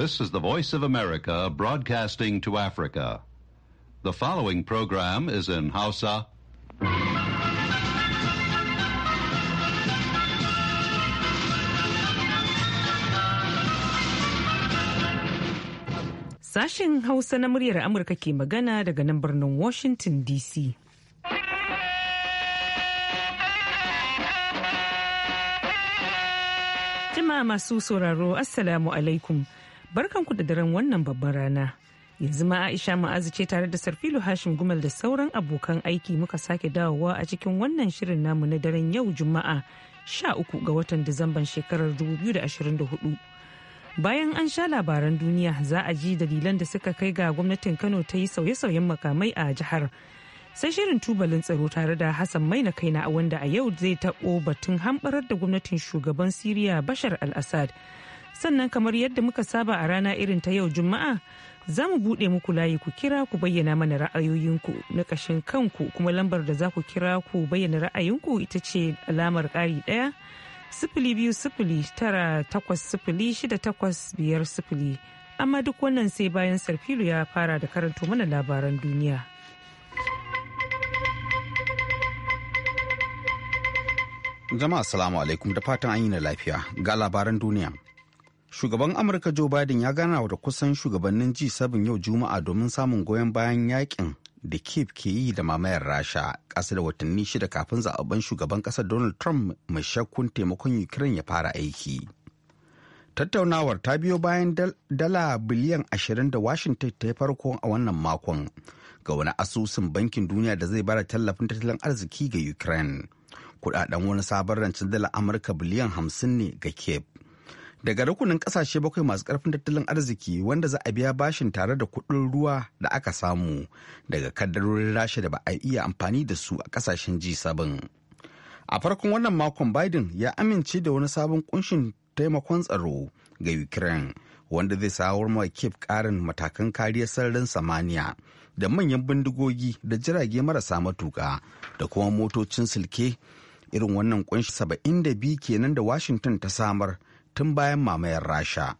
This is the Voice of America broadcasting to Africa. The following program is in Hausa. Sashen Hausa na muryar Amurka ke magana daga nan birnin Washington DC. jima masu sauraro, Assalamu alaikum. barkan ku da daren wannan babban rana. Yanzu ma Aisha Ma'azu ce tare da Sarfilu Hashim Gumal da sauran abokan aiki muka sake dawowa a cikin wannan shirin namu na daren yau Juma'a sha uku ga watan Disamban shekarar da da 2024. Bayan an sha labaran duniya za a ji dalilan da suka kai ga gwamnatin Kano ta yi sauye-sauyen makamai a jihar. sai shirin tubalin tsaro tare da hassan maina kaina wanda a yau zai taɓo batun hamɓarar da gwamnatin shugaban siriya bashar al-assad sannan kamar yadda muka saba a rana irin ta yau juma'a za mu buɗe muku layi ku kira ku bayyana mana ra'ayoyinku na ƙashin kanku kuma lambar da za ku kira ku bayyana ra'ayinku ita ce alamar ƙari ɗaya sifili biyu sifili tara takwas sifili shida takwas biyar sifili amma duk wannan sai bayan sarfilu ya fara da karanto mana labaran duniya. Jama'a salamu alaikum da fatan an yi na lafiya ga labaran duniya. Shugaban Amurka Joe Biden ya gana da kusan shugabannin G7 yau Juma'a domin samun goyon bayan yakin da Kiev ke yi da mamayar Rasha kasa da watanni shida kafin zaɓen shugaban ƙasar Donald Trump mai shakkun taimakon Ukraine ya fara aiki. Tattaunawar ta biyo bayan dala biliyan ashirin da Washington ta yi farko a wannan makon ga wani asusun bankin duniya da zai bada tallafin tattalin arziki ga Ukraine. Kudaden wani sabon rancen dala Amurka biliyan 50 ne ga Kiev. daga rukunin kasashe bakwai masu karfin tattalin arziki wanda za a biya bashin tare da kudin ruwa da aka samu daga kaddarorin rasha da ba a iya amfani da su a kasashen G7. A farkon wannan makon Biden ya amince da wani sabon kunshin taimakon tsaro ga Ukraine wanda zai samar ma kip karin matakan kariyar sararin samaniya da manyan bindigogi da jirage marasa matuka da kuma motocin silke irin wannan kunshi 72 kenan da Washington ta samar tun bayan mamayar rasha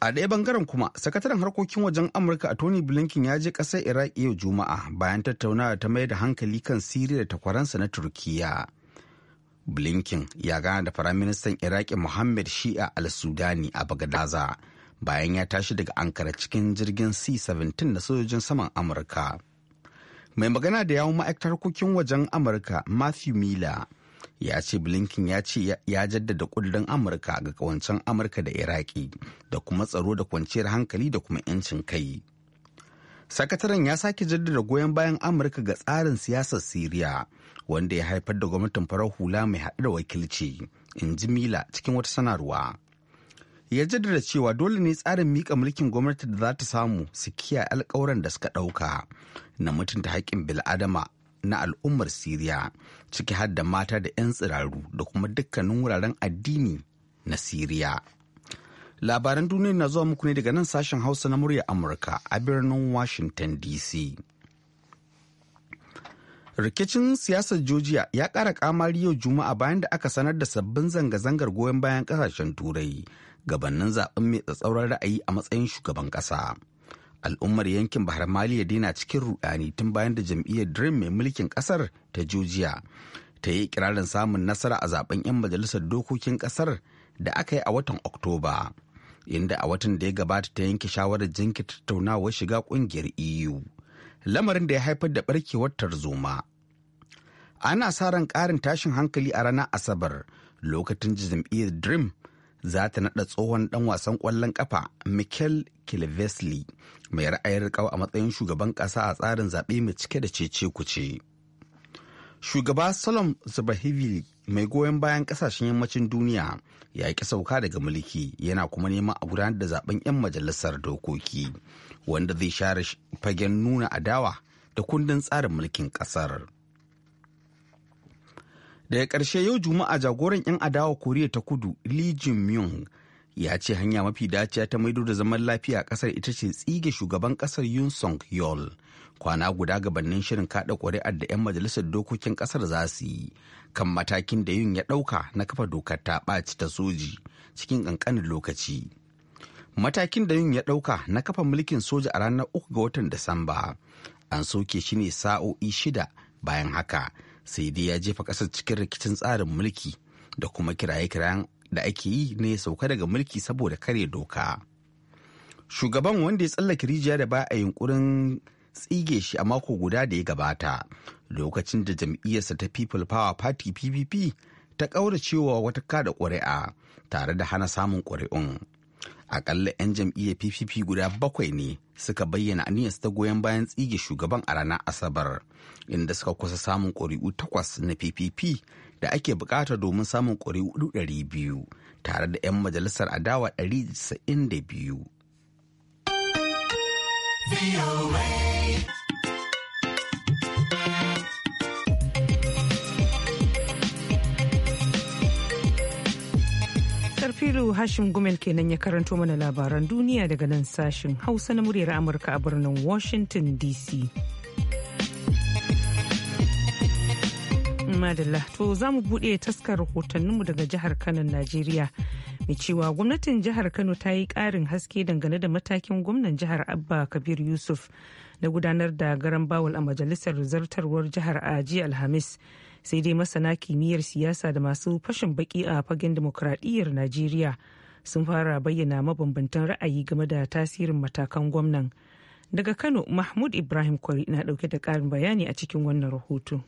a ɗaya bangaren kuma sakataren harkokin wajen amurka a tony blinken ya je ƙasar iraq yau juma'a bayan tattaunawa ta mayar da hankali kan siri da takwaransa na Turkiyya. blinken ya gana da firaministan iraki muhammad shi'a al-sudani a bagadaza bayan ya tashi daga ankara cikin jirgin c-17 na sojojin saman amurka mai magana da yawon ma'aikatar harkokin wajen amurka matthew miller ya ce blinken ya ce ya jaddada kudin amurka ga kawancen amurka da iraki da kuma tsaro da kwanciyar hankali da kuma 'yancin kai sakataren ya sake jaddada goyon bayan amurka ga tsarin siyasar siriya wanda ya haifar da gwamnatin farar hula mai haɗu da wakilci in ji mila cikin wata sanarwa ya jaddada cewa dole ne tsarin mika mulkin gwamnati da za ta samu su kiyaye alkawuran da suka ɗauka na mutunta haƙƙin bil'adama na al'ummar Siriya, ciki har da mata da 'yan tsiraru da kuma dukkanin wuraren addini na Siriya. Labaran duniya na zuwa muku ne daga nan sashen Hausa na murya Amurka a birnin Washington DC. Rikicin siyasar Georgia ya ƙara kamari yau Juma'a bayan da aka sanar da sabbin zanga-zangar goyon bayan ƙasashen Turai gabanin zaɓen mai tsatsauran ra'ayi a matsayin shugaban ƙasa. al'ummar yankin bahar maliya daina cikin rudani tun bayan da jam'iyyar dream mai mulkin kasar ta jujiya ta yi kirarin samun nasara a zaben 'yan majalisar dokokin kasar da aka yi a watan oktoba inda a watan da ya gabata ta yanke shawarar jinki tattaunawar shiga kungiyar eu lamarin da ya haifar da barkewar tarzoma ana sa ran karin tashin hankali a ranar asabar lokacin jam'iyyar dream za ta naɗa tsohon ɗan wasan ƙwallon ƙafa Mikel Kilvesley mai ra'ayin riƙau a matsayin shugaban ƙasa a tsarin zaɓe mai cike da cece kuce. Shugaba Solom Zubahivili mai goyon bayan ƙasashen yammacin duniya ya ƙi sauka daga mulki yana kuma neman a gudanar da zaɓen 'yan majalisar dokoki wanda zai share fagen nuna adawa da kundin tsarin mulkin ƙasar. daga ƙarshe yau juma'a jagoran 'yan adawa koriya ta kudu lee jin ya ce hanya mafi dacewa ta maido da zaman lafiya a ƙasar ita ce tsige shugaban ƙasar yun song yol kwana guda gabanin shirin kaɗa ƙuri'ar da 'yan majalisar dokokin ƙasar za su yi kan matakin da yun ya ɗauka na kafa dokar ta ɓaci ta soji cikin ƙanƙanin lokaci matakin da yun ya ɗauka na kafa mulkin soja a ranar uku ga watan disamba an soke shi ne sa'o'i shida bayan haka sai dai ya jefa ƙasar cikin rikicin tsarin mulki da kuma kiraye-kirayen da ake yi ne sauka daga mulki saboda kare doka shugaban wanda ya tsallake rijiya da ba a yunkurin tsige shi a mako guda da ya gabata lokacin da jam'iyyarsa ta people power party ppp ta ƙaura cewa wata kada ƙuri'a tare da hana samun ƙuri'un akalla 'yan jam'iyyar ppp guda bakwai ne suka bayyana aniyar ta goyon bayan tsige shugaban a ranar asabar inda suka kusa samun ƙuri'u takwas na ppp da ake bukata domin samun ƙuri'u ɗari biyu tare da 'yan majalisar adawa ɗari biyu. Shiru Hashim Gumel kenan ya karanto mana labaran duniya daga nan sashen Hausa na muryar Amurka a birnin Washington DC. Madalla to za mu buɗe taskar rahotanninmu daga jihar Kano Najeriya. Mai cewa gwamnatin jihar Kano ta yi ƙarin haske dangane da matakin gwamnan jihar Abba Kabir Yusuf na gudanar da garan bawul a majalisar zartarwar jihar a Alhamis. sai dai masana kimiyyar siyasa da masu fashin baki a fagen demokradiyyar najeriya sun fara bayyana mabambantan ra'ayi game da tasirin matakan gwamnan daga kano mahmud ibrahim kwari na dauke da ƙarin bayani a cikin wannan rahoto.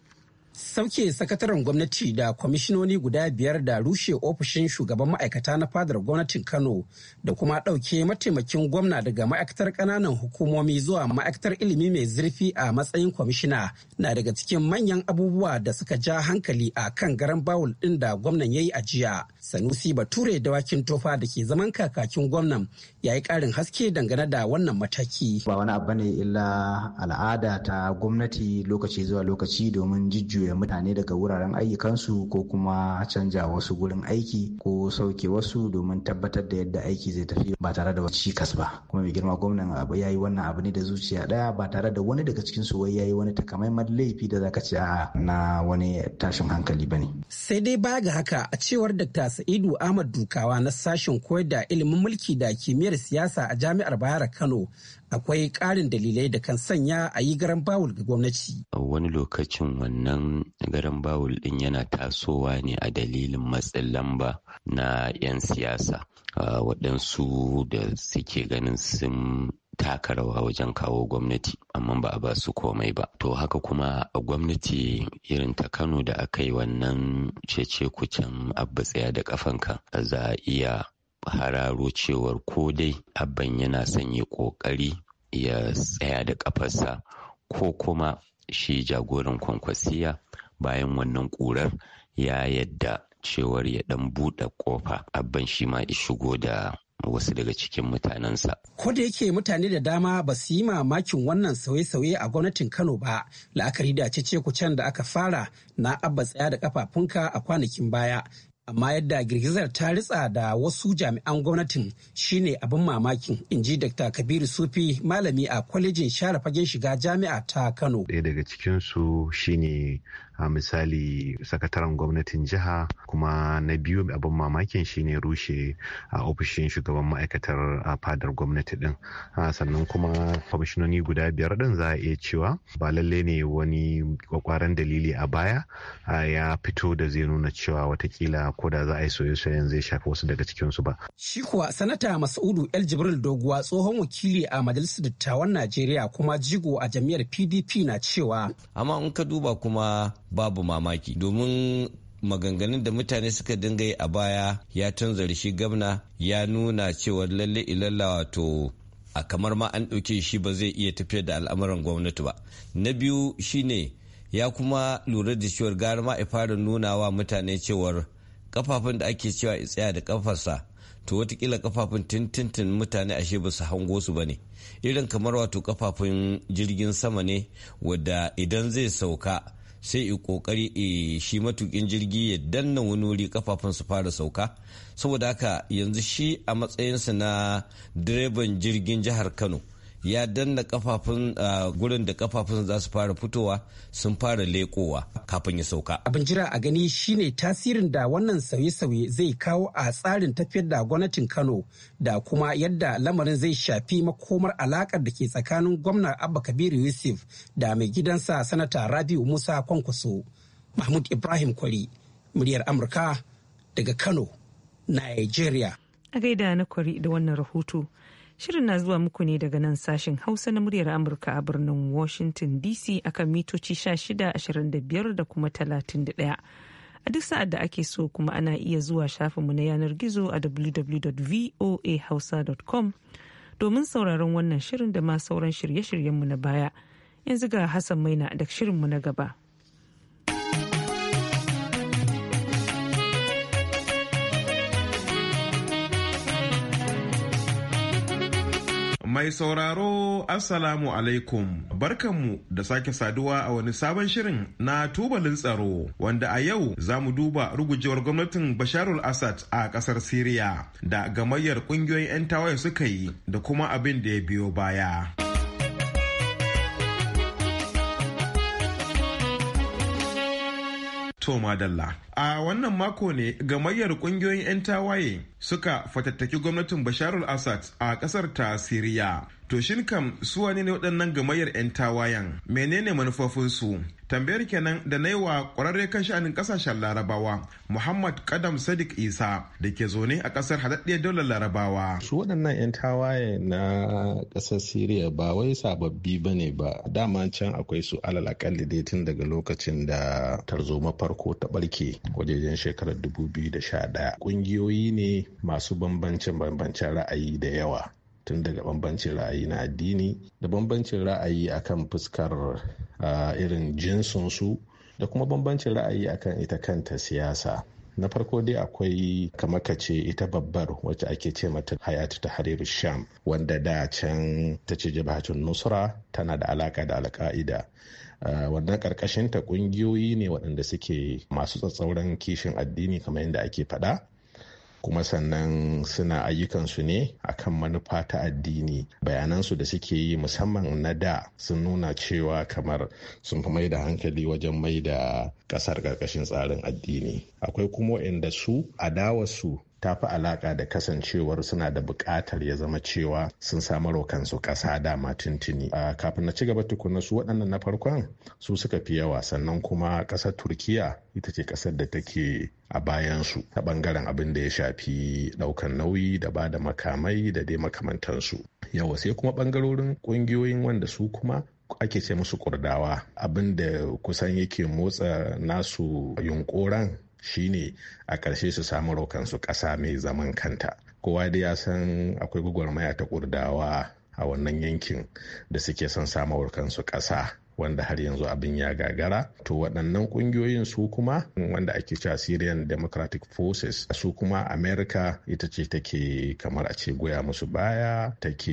sauke sakataren gwamnati da kwamishinoni guda biyar da rushe ofishin shugaban ma'aikata na fadar gwamnatin kano da kuma ɗauke mataimakin gwamna daga ma'aikatar ƙananan hukumomi zuwa ma'aikatar ilimi mai zurfi a matsayin kwamishina na daga cikin manyan abubuwa da suka ja hankali a kan garan bawul ɗin da gwamnan ya yi a jiya sanusi bature dawakin tofa da ke zaman kakakin gwamnan ya yi ƙarin haske dangane da wannan mataki ba wani abu ne illa al'ada ta gwamnati lokaci zuwa lokaci domin jijju juya mutane daga wuraren ayyukansu ko kuma canja wasu gurin aiki ko sauke wasu domin tabbatar da yadda aiki zai tafi ba tare da cikas ba kuma mai girma gwamnan abu yayi wannan abu ne da zuciya daya ba tare da wani daga cikin su wai yayi wani takamaiman laifi da zaka ce a na wani tashin hankali bane sai dai ba ga haka a cewar Dr. Sa'idu Ahmad Dukawa na sashen koyar da ilimin mulki da kimiyyar siyasa a Jami'ar Bayar Kano akwai karin dalilai da kan sanya a yi garan bawul ga gwamnati wani lokacin wannan Um, garin bawul din yana tasowa ne a dalilin matsin lamba na 'yan siyasa uh, waɗansu da suke ganin sun taka rawa wajen kawo gwamnati amma ba a ba su komai ba to haka kuma a gwamnati irin ta kano da aka yi wannan cece kucin abba tsaya da kafanka za a iya hararo cewar ko dai abban yana sanya ya kokari ya tsaya da kafarsa ko kuma shi jagoran kwankwasiya bayan wannan ƙurar ya yadda cewar ya ɗan buɗe ƙofa abban shi ma shigo da wasu daga cikin mutanensa. Ko da yake mutane da dama ba su yi mamakin wannan sauye-sauye a gwamnatin Kano ba, la'akari da cece can da aka fara na abba tsaya da kafafunka a kwanakin baya amma yadda girgizar ta ritsa da wasu jami'an gwamnatin shine abin mamakin in ji dr kabiru sufi malami a kwalejin share fagen shiga jami'a ta kano ɗaya daga cikinsu shine a misali sakataren gwamnatin jiha kuma na biyu abin mamakin shine rushe a ofishin shugaban ma'aikatar fadar gwamnati din sannan kuma kwamishinoni guda biyar din za a iya cewa ba lalle ne wani kwakwaran dalili a baya ya fito da zai nuna cewa watakila ko da za a yi soye-soyen zai shafi wasu daga su ba. Shi kuwa sanata Mas'udu El Jibril Doguwa tsohon wakili a majalisar dattawan Najeriya kuma jigo a jam'iyyar PDP na cewa. Amma in ka duba kuma babu mamaki domin maganganun da mutane suka dinga yi a baya ya canza shi gamna ya nuna cewa lalle ilalla wato a kamar ma an ɗauke shi ba zai iya tafiyar da al'amuran gwamnati ba na biyu shine ya kuma lura da cewar gara ma fara nuna wa mutane cewar kafafun da ake cewa a tsaya da kafarsa to watakila kafafun tintintin mutane ashe ba su hango su ba ne irin kamar wato kafafun jirgin sama ne wadda idan zai sauka sai i kokari e shi matukin jirgi ya danna wani wuri kafafun su fara sauka saboda haka yanzu shi a matsayinsa na direban jirgin jihar kano ya danna kafafun gurin da kafafun za su fara fitowa sun fara lekowa kafin ya sauka. Abin jira a gani shine tasirin da wannan sauye-sauye zai kawo a tsarin tafiyar da gwamnatin Kano da kuma yadda lamarin zai shafi makomar alakar da ke tsakanin gwamna Abba Kabiru Yusuf da mai gidansa sanata Rabiu Musa Kwankwaso. Mahmud Ibrahim Kwari, muryar Amurka daga Kano, Nigeria. A gaida na Kwari da wannan rahoto. Shirin na zuwa muku ne daga nan sashen Hausa na muryar Amurka a birnin Washington DC akan mitoci sha shida ashirin da biyar da kuma talatin da 31. A duk sa'ad da ake so kuma ana iya zuwa shafinmu na yanar gizo a www.voahausa.com domin sauraron wannan shirin da ma sauran shirye-shiryenmu na baya. Yanzu ga Hassan Maina da shirinmu na gaba. Mai sauraro Assalamu alaikum barkanmu da sake saduwa a wani sabon shirin na tubalin tsaro wanda a yau za mu duba rugujewar gwamnatin Basharul Assad a kasar Siriya da gamayyar kungiyoyin 'yan tawaye suka yi da kuma abin da ya biyo baya. To dalla. A wannan mako ne gamayyar kungiyoyin 'yan tawaye suka fatattaki gwamnatin Basharul al-Assad a kasar ta Siriya. To shin kam su wani ne waɗannan gamayyar 'yan tawayen? Menene manufofinsu? Tambayar kenan da na yi wa ƙwararre kan sha'anin ƙasashen Larabawa Muhammad Kadam Sadiq Isa da ke zaune a ƙasar haɗaɗɗiyar daular Larabawa. Su waɗannan 'yan tawaye na ƙasar Siriya ba wai sababbi ba ne ba. Dama can akwai su alal akalli dai tun daga lokacin da tarzoma farko ta ɓarke wajejen shekarar biyu da sha ɗaya. Ƙungiyoyi ne masu bambancin bambancin ra'ayi da yawa. tun daga bambancin ra'ayi na addini da bambancin ra'ayi akan fuskar irin jinsinsu da kuma bambancin ra'ayi akan ita kanta siyasa na farko dai akwai kamaka ce ita babbar wacce ake ce mata hayatu ta hariru sham wanda da can ta ce jabhatun nusra tana da alaka da alka'ida wannan karkashinta kungiyoyi ne waɗanda suke masu tsatsauran kishin addini kamar yadda ake faɗa kuma sannan suna ayyukansu ne a kan manufa ta addini bayanansu da suke yi musamman na da sun nuna cewa kamar sun fi mai da hankali wajen mai da kasar karkashin tsarin addini akwai kuma inda su adawarsu ta fi alaƙa da kasancewar suna da buƙatar ya zama cewa sun samar wa kansu ƙasa dama tuntuni a kafin na ci gaba tukuna su waɗannan na farkon su suka fi yawa sannan kuma ƙasar turkiya ita ce ƙasar da take a bayansu ta ɓangaren abin da ya shafi ɗaukan nauyi da ba da makamai da dai makamantansu yawa sai kuma ɓangarorin ƙungiyoyin wanda su kuma ake ce musu kurdawa abin da kusan yake motsa nasu yunkuran shine a ƙarshe su samu su ƙasa mai zaman kanta kowa dai ya san akwai gwagwarmaya ta kurdawa a wannan yankin da suke son samawar kansu ƙasa wanda har yanzu abin ya gagara to waɗannan ƙungiyoyin su kuma wanda ake cewa syrian democratic forces su kuma america ita ce take kamar a ce goya musu baya take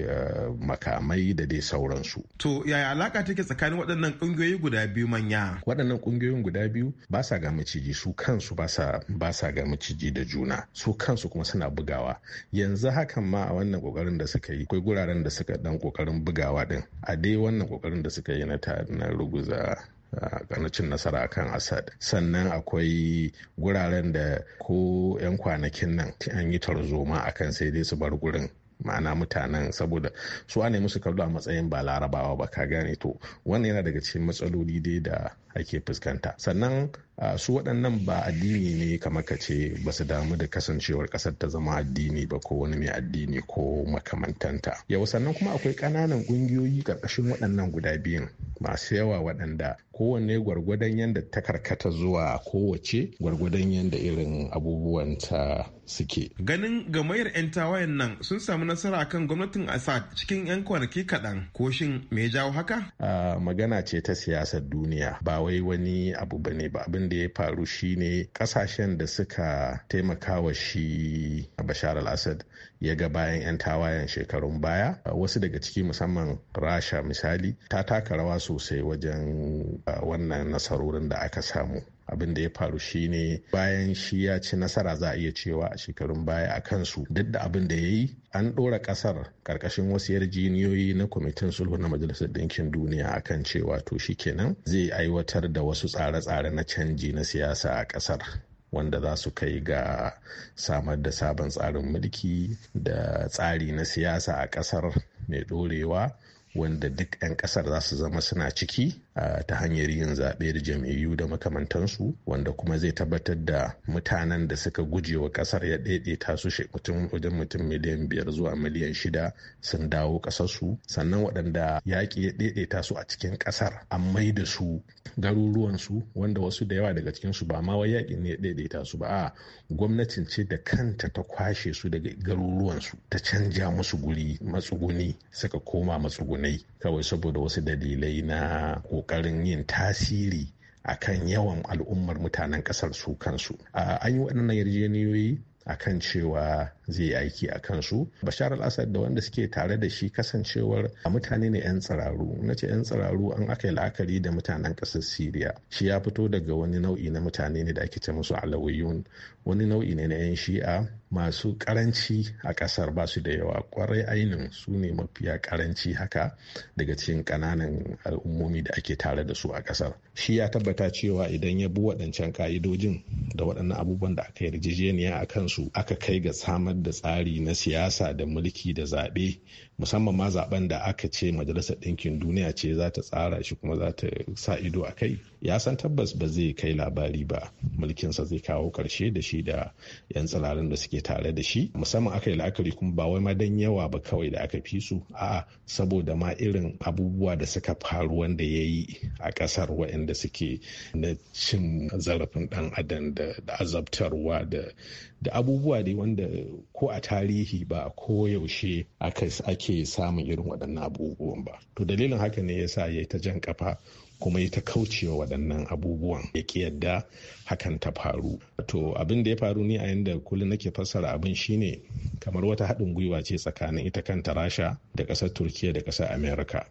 eh, makamai da dai sauransu to yaya alaka take tsakanin waɗannan ƙungiyoyi guda biyu manya waɗannan ƙungiyoyin guda biyu ba sa ga maciji su kansu ba sa ga maciji da juna su kansu kuma suna bugawa yanzu hakan ma a wannan ƙoƙarin da suka yi akwai guraren da suka dan ƙoƙarin bugawa din a dai wannan ƙoƙarin da suka suka yi na ruguza ganacin nasara kan Assad. Sannan akwai guraren da ko 'yan kwanakin nan an yi tarzoma akan sai dai su bar gurin ma'ana mutanen saboda su ne musu kallo a matsayin ba larabawa ba ka gane to wannan yana daga cikin matsaloli dai da ake fuskanta sannan su waɗannan ba addini ne kamar ka ce ba su damu da kasancewar ƙasar ta zama addini ba ko wani mai addini ko makamantanta yau sannan kuma akwai ƙananan ƙungiyoyi ƙarƙashin waɗannan guda biyun masu yawa waɗanda kowanne gwargwadon yadda ta karkata zuwa kowace gwargwadon yadda irin abubuwan ta suke ganin gamayar 'yan tawayen nan sun samu nasara kan gwamnatin assad cikin 'yan kwanaki kaɗan ko shin me jawo haka magana ce ta siyasar duniya ba wai wani abu ba ne ba abin da ya faru shine kasashen da suka taimaka wa shi bashar al-assad ya ga bayan 'yan tawayen shekarun baya wasu daga ciki musamman rasha misali ta taka rawa sosai wajen ah, wannan nasarorin da aka samu abin da ya faru shine bayan shi ya ci nasara za a iya cewa a shekarun baya a kansu duk da abin da ya yi an ɗora ƙasar ƙarƙashin wasu yarjiniyoyi na kwamitin sulhu na majalisar ɗinkin duniya akan cewa to shi kenan zai aiwatar da wasu tsare-tsare na canji na siyasa a ƙasar wanda za su kai ga samar da sabon tsarin mulki da tsari na siyasa a ƙasar mai ɗorewa wanda duk 'yan ƙasar za su zama suna ciki ta hanyar yin zaɓe da jam'iyyu da makamantansu wanda kuma zai tabbatar da mutanen da suka guje wa ƙasar ya ɗaiɗaita su wajen mutum miliyan biyar zuwa miliyan shida sun dawo ƙasarsu sannan waɗanda yaƙi ya ɗaiɗaita su a cikin ƙasar an mai da su garuruwansu wanda wasu da yawa daga cikinsu ba ma wai yaƙi ne ya ɗaiɗaita su ba a gwamnatin ce da kanta ta kwashe su daga garuruwansu ta canja musu guri matsuguni suka koma matsugunai kawai saboda wasu dalilai na ko ƙoƙarin yin tasiri a kan yawan al'ummar mutanen ƙasar su kansu an yi waɗannan yarjejeniyoyi kan cewa zai yi aiki a kansu bashar al-assad da wanda suke tare da shi kasancewar a mutane ne 'yan tsiraru na ce 'yan tsiraru an aka yi la'akari da mutanen ƙasar syria shi ya fito daga wani nau'i na mutane ne da ake ce musu alawiyun wani nau'i ne na 'yan shi'a masu karanci a kasar ba su da yawa kwarai ainihin su ne mafiya karanci haka daga cikin kananan al'ummomi da ake tare da su a kasar. shi ya tabbata cewa idan ya bi waɗancan ka'idojin da waɗannan abubuwan da aka yarjejeniya a kansu aka kai ga samar da tsari na siyasa da mulki da zaɓe musamman ma zaben da aka ce majalisar ɗinkin duniya ce za ta tsara shi kuma za ta sa ido a kai ya san tabbas ba zai kai labari ba mulkinsa zai kawo ƙarshe da shi da 'yan tsirarin da suke tare da shi musamman aka yi la'akari kuma ba wai ma dan yawa ba kawai da aka fi su a'a saboda ma irin abubuwa da suka faru wanda ya yi a ƙasar waɗanda suke na cin zarafin ɗan adam da azabtarwa da da abubuwa dai wanda ko a tarihi ba ko yaushe ake samun irin waɗannan abubuwan ba to dalilin haka ne ya sa ya yi ta jan kafa kuma ya ta kaucewa waɗannan abubuwan ya ki yadda hakan ta faru to abin da ya faru ni a yanda kullum nake fassara abin shine kamar wata haɗin gwiwa ce tsakanin ita kanta rasha da ƙasar turkiya da ƙasar amerika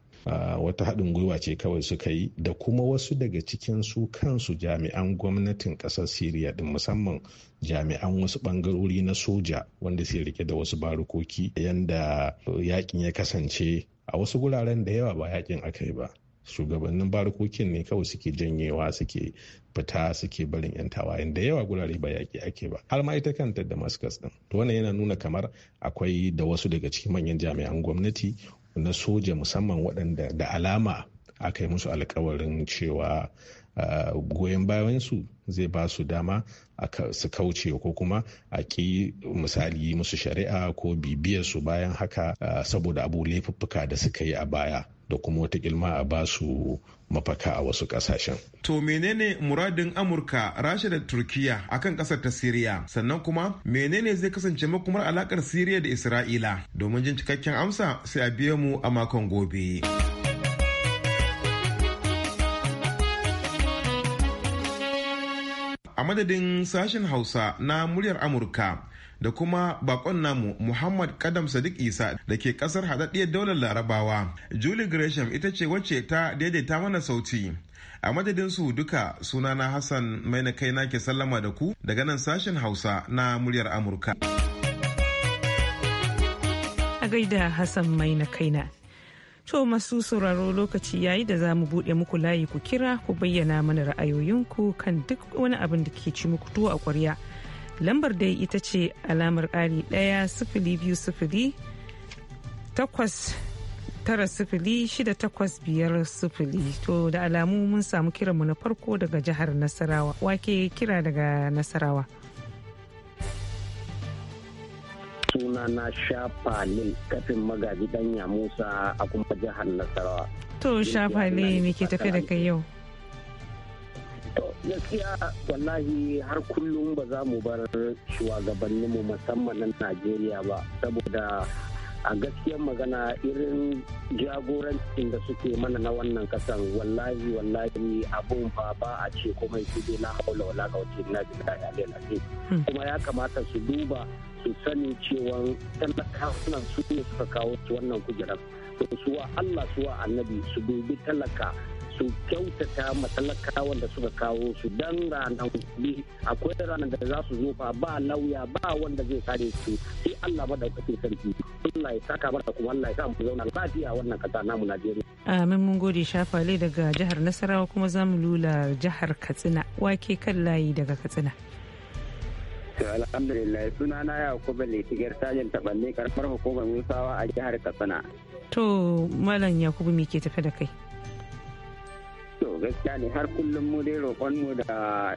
wata haɗin gwiwa ce kawai suka yi da kuma wasu daga cikin su kansu jami'an gwamnatin ƙasar siriya din musamman jami'an wasu ɓangarori na soja wanda suke rike da wasu barukoki yanda yakin ya kasance a wasu guraren da yawa ba yakin aka yi ba shugabannin barukokin ne kawai suke janyewa suke fita suke barin yan tawayen da yawa gurare ba yaƙi ake ba har ma ita kanta damascus din to wannan yana nuna kamar akwai da wasu daga cikin manyan jami'an gwamnati na soja musamman waɗanda da alama aka yi musu alkawarin cewa goyon bayansu zai ba su dama su kauce ko kuma a ki misali musu shari'a ko bibiyar su bayan haka saboda abu laifuffuka da suka yi a baya da kuma wata ilma a ba su mafaka a wasu kasashen. To menene muradin Amurka, Rasha da Turkiya akan kasar ta Siriya? Sannan kuma menene zai kasance makumar alakar Siriya da Isra'ila? Domin jin cikakken amsa sai a biye mu a makon gobe. madadin sashen hausa na muryar amurka da kuma bakon namu muhammad kadam sadiq isa da ke kasar hadaddiyar daular larabawa julie gresham ita ce wacce ta daidaita mana sauti a madadin su duka sunana hassan mai na kai ke sallama da ku daga nan sashen hausa na muryar amurka a gaida hassan mai na kaina To masu sauraro lokaci yayi da zamu mu buɗe muku layi ku kira ku bayyana mana ra'ayoyinku kan duk wani abin da ke ci muku tuwo a kwarya Lambar dai ita ce alamar ƙari ɗaya sifili biyu sifili takwas tara sifili shida takwas biyar sifili. To da alamu mun samu kiranmu na farko daga jihar Nasarawa. Wake kira daga Nasarawa. suna na shafa ne kafin magaji danya musa a kuma jihar nasarawa to shafa ne me ke tafi da kai yau gaskiya wallahi har kullum ba za mu bar shugabanninmu musamman na najeriya ba saboda a gaskiyar magana irin jagorancin da suke mana na wannan kasan wallahi wallahi abun ba ba a ce komai su dai na haula wala ga wace na ji da ya kuma ya kamata su duba su sani cewa talakawan su ne suka kawo wannan kujerar su wa Allah su wa annabi su dubi talaka su kyautata matalakawan da suka kawo su dan ranar gobe akwai ranar da za su zo fa ba lauya ba wanda zai kare su sai Allah madaukakin sarki Allah ya saka mana kuma Allah ya sa mu zauna lafiya wannan kasa namu Najeriya amin mun gode shafale daga jihar Nasarawa kuma za mu lula jihar Katsina wake kan layi daga Katsina To alhamdulillah sunana Yakubu Litigar Sajin Tabanne karfar hukumar Musawa a jihar Katsina. To Malam Yakubu me ke tafe da kai? To gaskiya ne har kullum mu dai roƙon mu da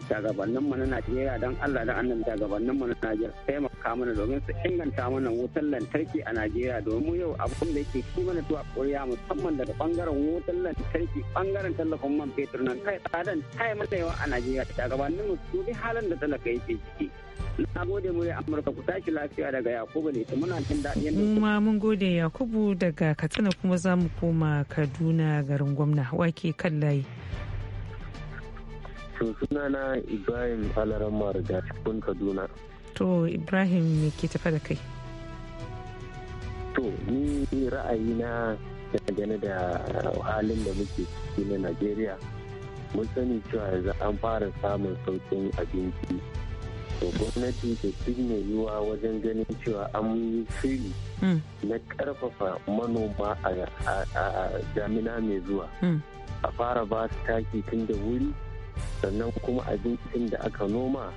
shagabannin mu na Najeriya don Allah da annan shagabannin mu na Najeriya taimaka mana domin su inganta mana wutar lantarki a Najeriya domin mu yau abin da yake ci mana tuwa ƙuriya musamman daga bangaren wutar lantarki bangaren tallafin man fetur nan kai tsadan kai mana yawa a Najeriya shagabannin mu su bi halin da talaka yake ciki. Na gode murya Amurka ku tashi lafiya daga Yakubu ne ta muna jin daɗi yadda kuma mun gode Yakubu daga Katsina kuma za mu koma Kaduna garin gwamna wake kan layi. To na Ibrahim Alaramma Marga cikin Kaduna. To Ibrahim me ke tafa da kai? To ni ra'ayi na dangane da halin da muke ciki na Najeriya mun sani cewa yanzu an fara samun saukin abinci to gwamnati ta duk yiwuwa wajen ganin cewa an yi shiri hmm. na karfafa manoma a damina mai zuwa hmm. a fara ba su taki tun da wuri sannan kuma abincin da aka noma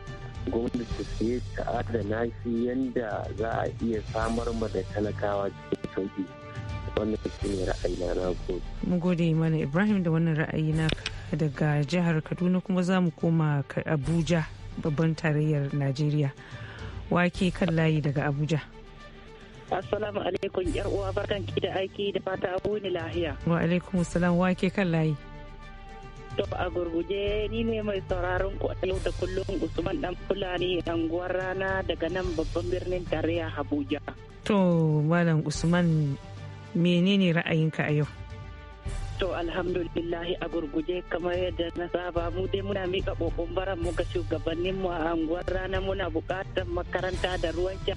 gwamnati ta siye ta adana shi yadda za a iya samar ma da talakawa cikin sauki wannan shi ne ra'ayi na mu gode mana ibrahim da wannan ra'ayi na daga jihar kaduna kuma za mu koma abuja babban tarayyar najeriya wake kan layi daga abuja assalamu alaikum yar uwa barkan ki da aiki da fata abu ne lahiya wa alaikum salam wake kan layi to a gurguje ni ne mai sauraron ku yau da kullum usman dan fulani anguwar rana daga nan babban birnin tarayya abuja to malam usman menene ra'ayinka a yau To alhamdulillahi a gurguje kamar yadda na saba mu dai muna mika kokon baran mu ga shugabanninmu a anguwar rana muna bukatar makaranta da ruwan sha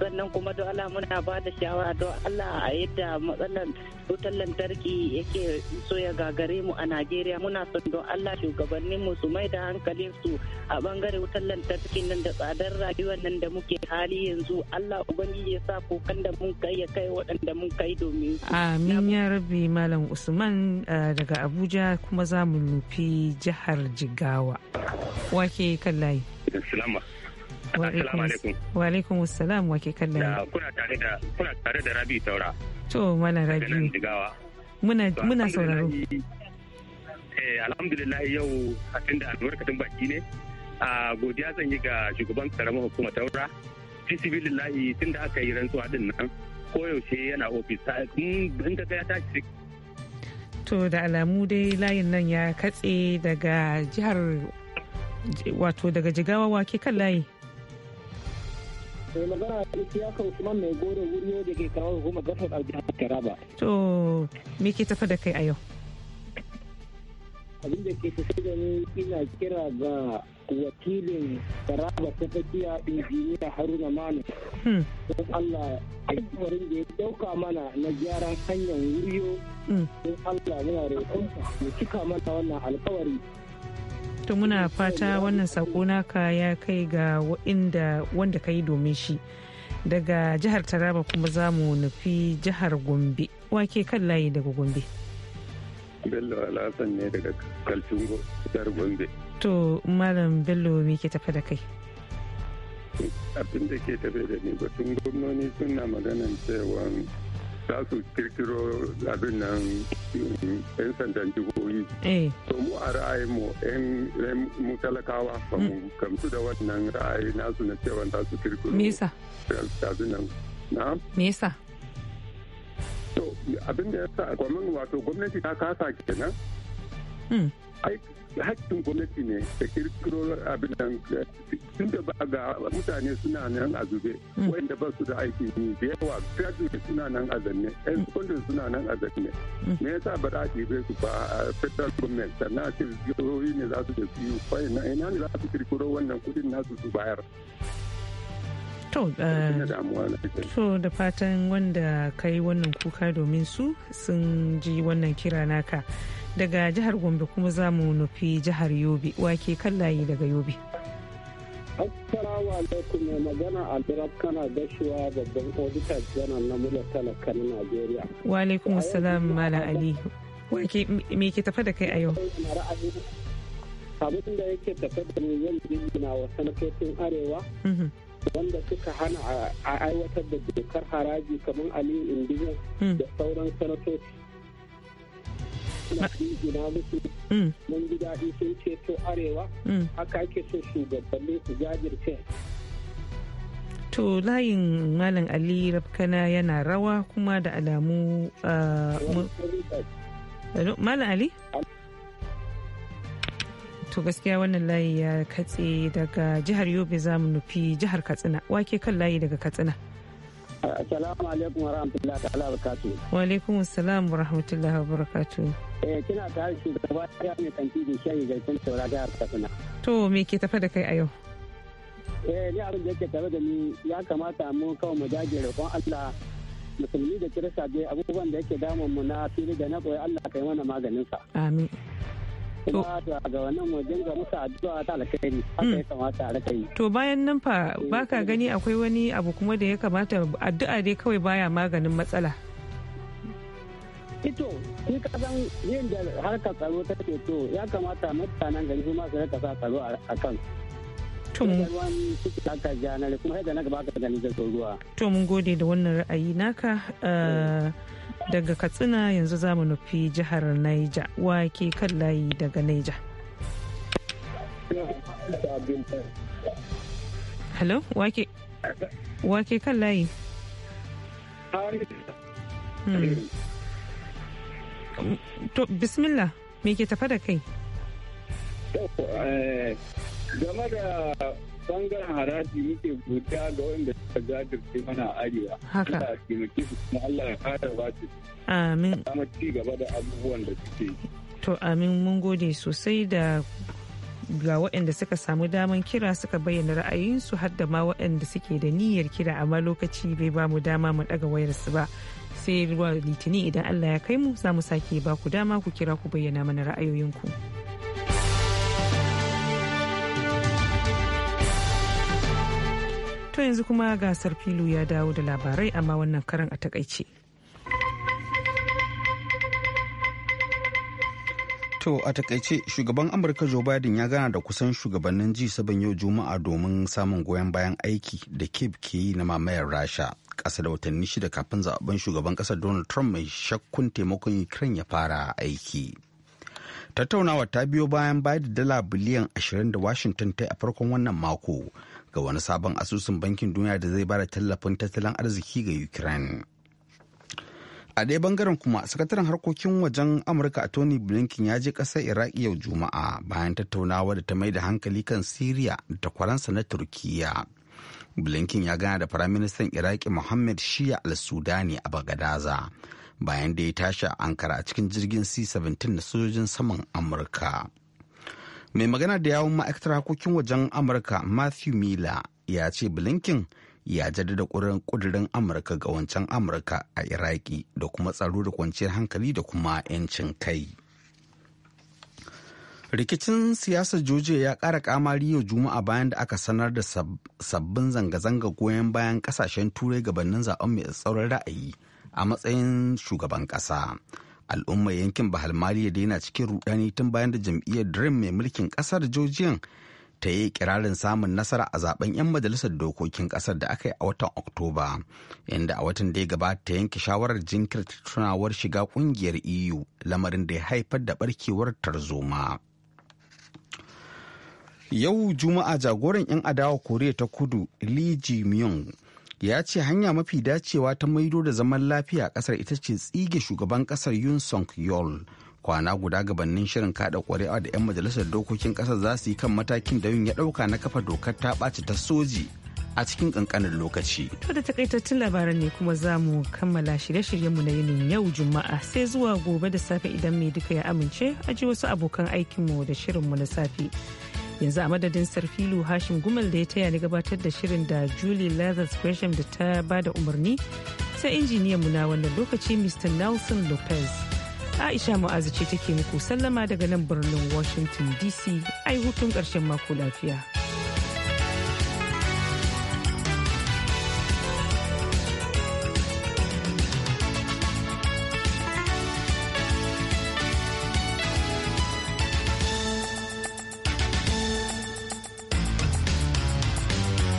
sannan kuma don Allah muna ba da shawara don Allah a yadda matsalar wutar lantarki yake so ya gagare mu a Najeriya muna son don Allah shugabannin mu su mai da hankalin su a bangare wutar lantarki nan da tsadar rayuwar nan da muke hali yanzu Allah ubangiji ya sa kokan da mun kai ya kai waɗanda mun kai domin Amin ya rabi Malam Usman eh, daga Abuja kuma za mu nufi jihar Jigawa. Wake kan layi. Wa alaikum assalam wa ke kallon. Kuna tare da kuna tare da Rabi Taura. To mana Rabi. Muna muna sauraro. Eh alhamdulillah yau hatin da albarkatun baki ne. A godiya zan yi ga shugaban karamar hukumar Taura. Fisibilillahi tun da aka yi rantsuwa din nan koyaushe yana ofis. In ka ya tashi to da alamu dai layin nan ya katse daga jihar wato daga jigawa wake kan layi Mai magana ya kan Usman mai goro wuriyo da ke kawo hukumar gasar a jihar Taraba. To me ke tafa da kai a yau? Abin da ke tafi da ni ina kira ga wakilin Taraba ta tafiya injiniya Haruna Manu. Hmm. Don Allah alkawarin da ya dauka mana na gyara hanyar wuriyo. Hmm. Don Allah muna roƙonsa mu cika mana wannan alkawari. to muna fata wannan sako naka ya kai ga wa'inda wanda ka yi domin shi daga jihar taraba kuma za mu nufi jihar gombe wake kan layi daga gombe bello alhassan ne daga kalfin jihar gombe to malam bello me ke tafe da kai abin da ke tafe da ni batun gwamnoni suna maganan cewa za su kirkiro abin nan mm, yan sandan jihohi. Eh. To mu a ra'ayinmu yan mu talakawa ba mu kamtu mm. da wannan ra'ayi nasu na cewa za su kirkiro. Me yasa? Abin nan. Na? To abin da ya sa gwamnati wato gwamnati ta kasa kenan. Hmm. hakkin gwamnati ne da kirkiro abin da tun da ba ga mutane suna nan a zube hmm. wanda ba su da aiki ne da yawa graduate suna nan a zanne yan hmm. secondary suna nan a zanne hmm. me yasa ba za a ɗibe su ba a federal government sannan a ce jihohi ne za su da su yi na ina ne za su kirkiro wannan kudin nasu su bayar To, eh, to da fatan wanda ka yi wannan kuka domin su sun ji wannan kira naka. daga jihar gombe kuma za mu nufi jihar yobe wake kan layi daga yobe assalamu alaikum mai magana abdurrab kana gashuwa babban odita janar na mular talaka na wa alaikum ali wake me ke tafa da kai a yau abin da yake tafa da ni zan jingina wa sanatocin arewa mhm. wanda suka hana a aiwatar da dokar haraji kamar aliyu indiya mhm. da sauran sanatoci Mm. ceto arewa mm. haka jajirce to layin malam ali rafkana yana rawa kuma da alamu uh, malam ali to gaskiya wannan layi ya katse daga jihar yobe za mu nufi jihar katsina wake kan layi daga katsina Assalamu alaikum wa rahmatullahi ta'ala wa barakatu. Wa alaikum assalam wa rahmatullahi wa barakatu. Eh kina tare da shugaba ya mai kanti da shayi ga kun saura ga Katsina. To me ke tafa da kai a yau? Eh ni abin da yake tare da ni ya kamata mu kawai mu dage roƙon Allah musulmi da kirista dai abubuwan da yake damun mu na fili da na koyi Allah kai mana maganin sa. Amin. to bayan nan fa eh, baka gani akwai wani abu kuma da ya kamata addu'a dai kawai baya maganin matsala ito shi san yin da harkar tsaro ta ce to ya kamata mutanen gari su masu rika sa tsaro a kan tun kuma yadda na gaba ka ruwa to mun gode da wannan ra'ayi naka eh. Eh, daga katsina yanzu za mu nufi jihar naija wake kan layi daga naija hello wake wake kan layi hmm. to bismillah me ke tafa da kai eh, game da bangaren haraji muke godiya ga wanda suka jajirce mana arewa. Haka. Allah ya taimake su kuma Allah ya kara ba su. Amin. Kuma ci gaba da abubuwan da suke. To amin mun gode sosai da ga waɗanda suka samu daman kira suka bayyana ra'ayinsu har da ma waɗanda suke da niyyar kira amma lokaci bai ba mu dama mu ɗaga wayarsu ba sai ruwa litinin idan allah ya kai mu za mu sake ba ku dama ku kira ku bayyana mana ra'ayoyinku. To yanzu kuma gasar filu ya dawo da labarai amma wannan karan a takaice. To a takaice shugaban Amurka Joe Biden ya gana da kusan shugabannin ji 7 yau Juma'a domin samun goyon bayan aiki da Kib ke yi na mamayar Rasha. Ƙasa da watanni shida kafin zaben shugaban ƙasar Donald Trump mai shakkun taimakon Ukraine ya fara aiki. Tattaunawa ta biyo bayan bayar da dala biliyan 20 da Washington ta yi a farkon wannan mako ga wani sabon asusun bankin duniya da zai bada tallafin tattalin arziki ga ukraine a ɗaya bangaren kuma sakataren harkokin wajen amurka a tony blinken ya je ƙasar iraki yau juma'a bayan tattaunawa da ta mai da hankali kan syria da takwaransa na turkiya blinken ya gana da firaministan iraki mohammed shia al-sudani a bagadaza bayan da ya tashi a ankara a cikin jirgin c-17 na sojojin saman amurka mai magana da yawon ma'aikatar harkokin wajen amurka matthew miller ya ce blinken ya jaddada kudurin amurka ga wancan amurka a iraki da kuma tsaro da kwanciyar hankali da kuma 'yancin kai rikicin siyasar georgia ya kara kamari yau juma'a bayan da aka sanar da sabbin zanga-zanga goyon bayan kasashen turai gabanin zaben mai tsaurin ra'ayi a matsayin shugaban ƙasa. al'ummar yankin bahal maliya da cikin rudani tun bayan da jam'iyyar dream mai mulkin kasar georgian ta yi kirarin samun nasara a zaben 'yan majalisar dokokin kasar da aka yi a watan oktoba inda a watan da ya gabata ta yanke shawarar jinkirta tunawar shiga kungiyar eu lamarin da ya haifar da barkewar tarzoma yau juma'a jagoran 'yan adawa koriya ta kudu lee ji myung ya ce hanya mafi dacewa ta maido da zaman lafiya a kasar ita ce tsige shugaban kasar yun song yol kwana guda gabanin shirin kada kwarewa da 'yan majalisar dokokin kasar za su yi kan matakin da yun ya dauka na kafa dokar ta ɓaci ta soji a cikin kankanin lokaci. To da takaitattun labaran ne kuma za mu kammala shirye-shiryenmu na yinin yau juma'a sai zuwa gobe da safe idan mai duka ya amince ji wasu abokan aikinmu da shirinmu na safe. yanzu a madadin sarfilu hashim gumal da ya taya ni gabatar da shirin da julie lazarus gresham da ta ba da umarni sai injiniyan mu na wannan lokaci mr nelson lopez aisha mu'azu ce take muku sallama daga nan birnin washington dc ai hutun ƙarshen mako lafiya.